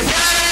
yeah, yeah.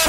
you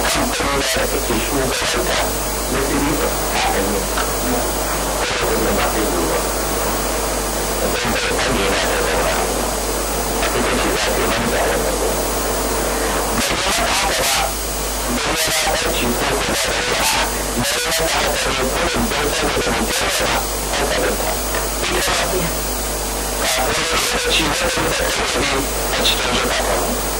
Allah da kake shugabanta na ɗirika a hannun abin da ba zai yi ba. Abin da ta da ba. Ba ba ba ba. Ba ba ba. Ba ba ba ba ba. ba. Ba ba ba a cikin zuwa ba.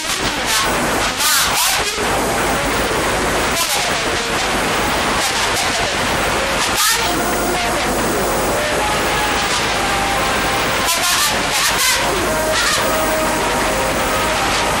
I'm not going to do that.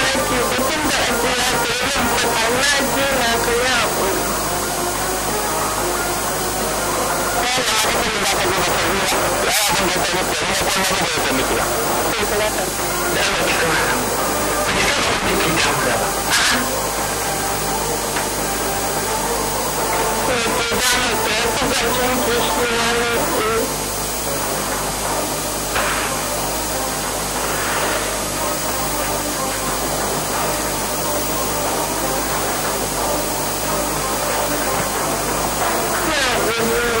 mahaifina ka yi haƙuri Thank you. Thank you.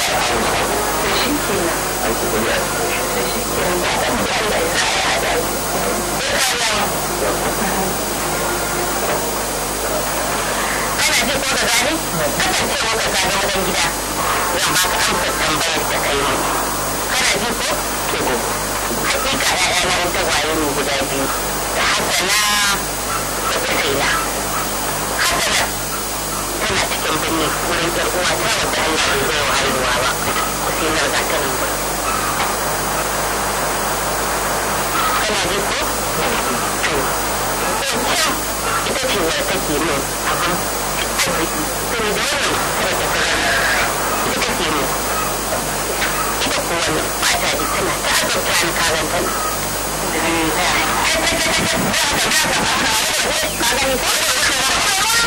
shi ke nan to shi ke nan kana ji ka mu ya'ya na tagwaye ne guda biyu da daidai ne wurin yar uwa ta wadda Allah bai bai wa haihuwa ba sai na riga ta nan gurin kana ji ko to ita ce wadda take min abin arziki sun da wannan wadda ta gana ita take min ita ko wannan tana ta azabta ni karan ta ne.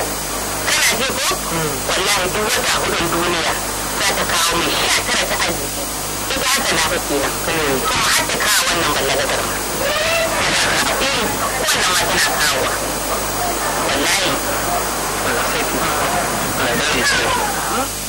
kana ji ko wallahi duk wata hudun duniya za ta kawo mai sha tara ta arziki ita haka na fake nan kuma har ta kawo wannan ballagadar ma eh wannan ma tana kawowa wallahi Allah sai ki Allah ya dace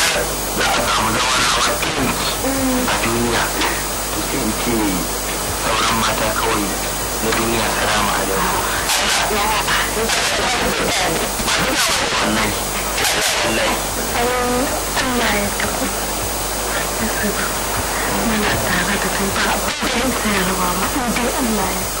za a samu duniya mata kawai na duniya Allah ya tafi da ba sayarwa Allah ya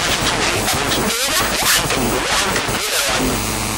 Thank you.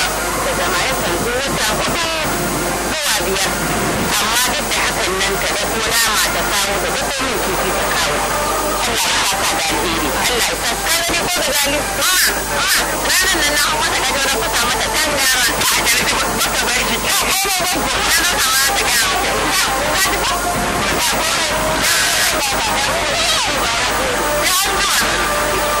da jama'ai yanzu zo wata hudu zuwa biyar amma duk da hakan nan ta da ko nama ta samu da duk wani kifi ta kawo Allah ya ko da ranar nan na fata mata a da ta ko ta ta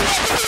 Let's go.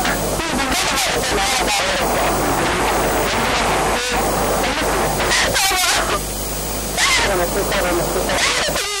Thank you.